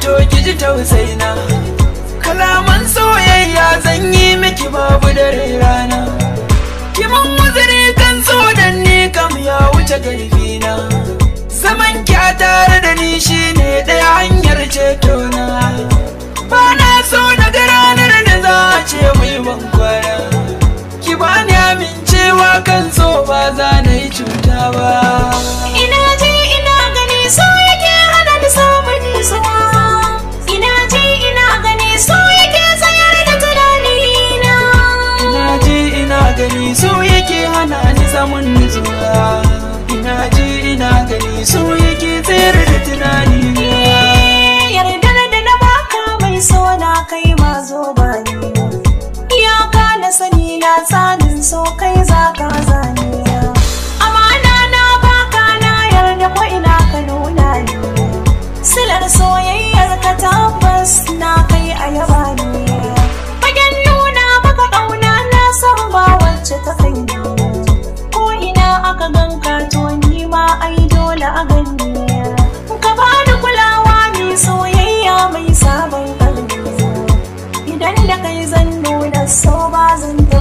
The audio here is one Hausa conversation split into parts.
to ki tausaina kalaman soyayya zan yi gani su yake hana ni zaman nutsuwa ina ji ina gani su yake tsere da tunani eh, yardar da na baka mai so na kai ma zoba ba iyaka na sani na tsanin so kai zaka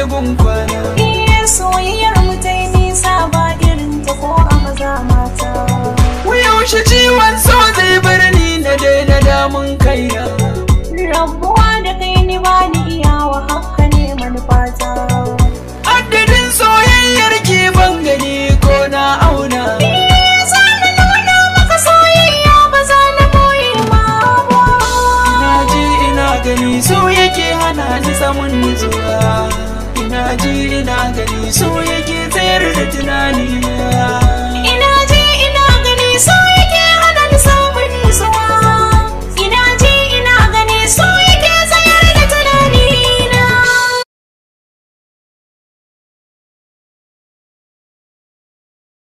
da gun kwana. Soyayyar mu ta yi nisa ba irin ta ko a maza mata. na gani so yake tsayar da tunani